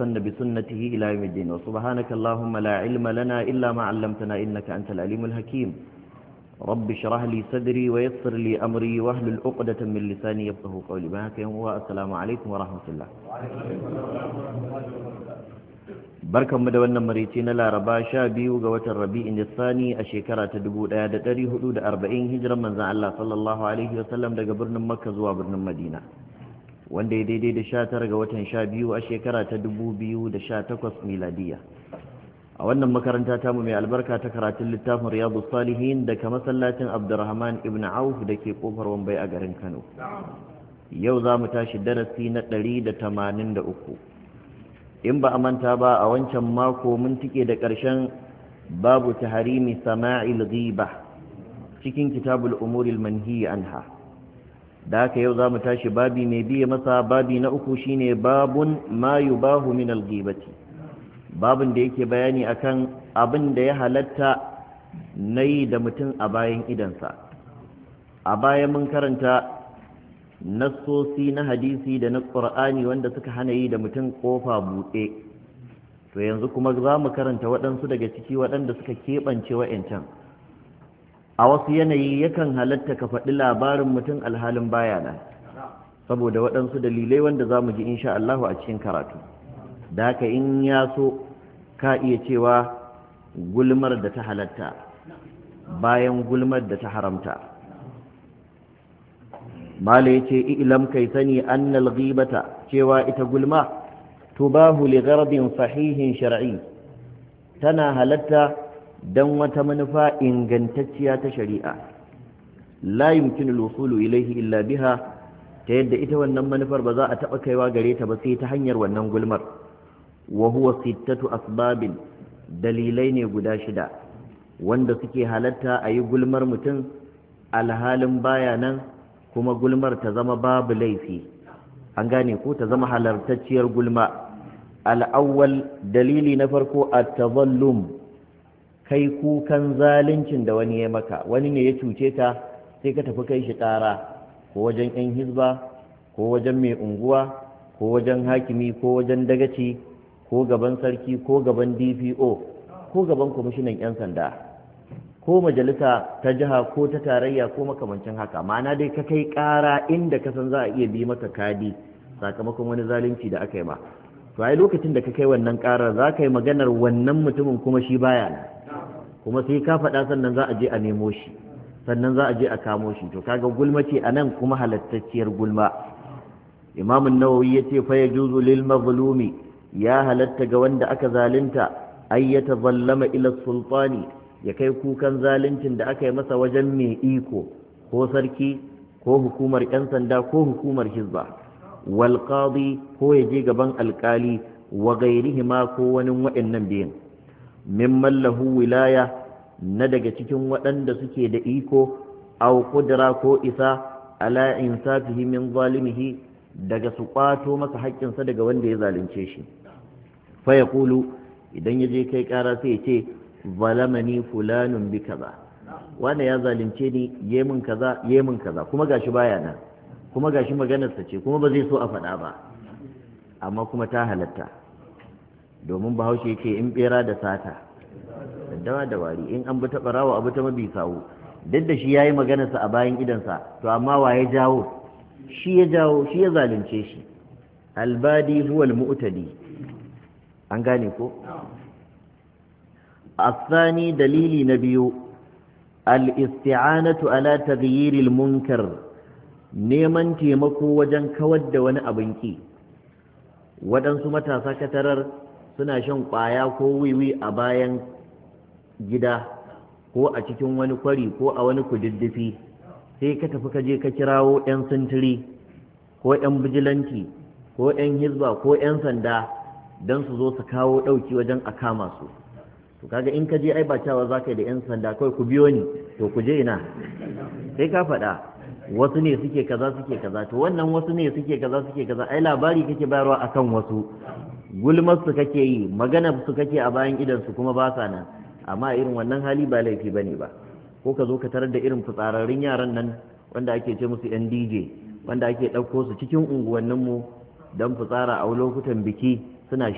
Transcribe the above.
سن بسنته إلى يوم الدين وسبحانك اللهم لا علم لنا إلا ما علمتنا إنك أنت العليم الحكيم رب شرح لي صدري ويسر لي أمري وأهل الأقدة من لساني يبطه قولي بهك والسلام عليكم ورحمة الله barkan mu da wannan marici na laraba sha biyu ga watan rabi'in sani a shekara ta arba'in hijiran manzan Allah sallallahu alaihi wasallam daga birnin makka zuwa birnin madina wanda ya daidai da sha tara ga watan sha biyu a shekara ta dubu biyu da sha takwas miladiya a wannan makaranta ta mu mai albarka ta karatun littafin riyadu salihin daga masallacin abdurrahman ibn auf da ke kofar wambai a garin kano yau za mu tashi darasi na ɗari da tamanin da uku in ba a manta ba a wancan mako mun tike da ƙarshen babu tahrimi sama'il ghiba cikin kitabul umuril manhiyi anha da aka yau za mu tashi babi mai biya masa babi na uku shine babun mayu yubahu min algibati babin da yake bayani akan abin da ya halatta na yi da mutum a bayan idansa a bayan mun karanta nasosi na hadisi da na ƙur'ani wanda suka hana yi da mutum ƙofa buɗe to yanzu kuma za mu karanta waɗansu daga ciki waɗanda suka keɓance wa'yancan a wasu yanayi yakan halatta ka faɗi labarin mutum alhalin baya nan saboda waɗansu dalilai wanda za mu ji insha a cikin karatu da haka in ya so ka iya cewa gulmar da ta halatta bayan gulmar da ta haramta mala ya ce ilam kai sani annal ghibata cewa ita gulma tubahu li gardin sahihin shar'i tana halatta don wata manufa ingantacciya ta shari'a la yumkinu al-wusulu ilayhi illa biha ta yadda ita wannan manufar ba za a taba kaiwa gare ta ba sai ta hanyar wannan gulmar wa huwa sittatu asbabin dalilai ne guda shida wanda suke halatta a yi gulmar mutum alhalin baya nan kuma gulmar ta zama babu laifi an gane ko ta zama halartacciyar gulma al'awwal dalili na farko at tadhallum kai kukan zaluncin da wani ya maka wani ne ya cuce ta sai ka tafi kai shi ƙara ko wajen 'yan hizba ko wajen mai unguwa ko wajen hakimi ko wajen dagaci ko gaban sarki ko gaban dpo ko gaban kwamishinan 'yan sanda ko majalisa ta jiha ko ta tarayya ko makamancin haka ma'ana dai ka kai ƙara inda ka san za a iya bi maka kadi sakamakon wani zalunci da aka yi ma to ai lokacin da ka kai wannan ƙarar za ka yi maganar wannan mutumin kuma shi baya nan kuma sai ka faɗa sannan za a je a nemo shi sannan za a je a kamo shi to kaga gulma ce a nan kuma halattacciyar gulma imamun nawawi ya ce fa ya juzu lil mazlumi ya halatta ga wanda aka zalunta ay ya ila sultani ya kai kukan zaluncin da aka yi masa wajen mai iko ko sarki ko hukumar yan sanda ko hukumar hizba wal qadi ko ya je gaban alkali wa ma ko wani wa'annan biyan min mallahu wilaya na daga cikin waɗanda suke da iko aw kudura ko isa ala insafihi min zalimihi daga su kwato masa haƙƙinsa daga wanda ya zalunce shi fa kulu idan ya je kai ƙara sai ya ce zalamani fulanun bi kaza wane ya zalunce ni yemin kaza yemin kaza kuma gashi baya nan kuma gashi maganarsa ce kuma ba zai so a faɗa ba amma kuma ta halatta domin bahaushe ce in bera da sata daddawa da wari in an bi barawa abu ta mabi sawo duk da shi yayi maganarsa a bayan idansa to amma wa ya jawo shi ya jawo shi ya zalunce shi albadi huwa almu'tadi an gane ko asani dalili na biyu. isti'anatu ala taghyiril munkar neman taimako wajen kawar da wani abin ki waɗansu matasa katarar suna shan kwaya ko wiwi a bayan gida ko a cikin wani kwari ko a wani kududdufi sai ka tafi ka je ka kirawo 'yan sintiri ko 'yan bijilanti ko 'yan hizba ko 'yan sanda don su zo su kawo ɗauki wajen a kama su to kaga in ka je ai ba cewa za ka yi da 'yan sanda kawai ku biyo ni to ku je ina sai ka faɗa wasu ne suke kaza suke kaza to wannan wasu ne suke kaza suke kaza ai labari kake bayarwa akan wasu gulmar su kake yi magana su kake a bayan idan su kuma ba sa nan amma irin wannan hali ba laifi bane ba ko ka zo ka tarar da irin fitsararrun yaran nan wanda ake ce musu yan DJ wanda ake ɗauko su cikin unguwanninmu don fitsara a lokutan biki suna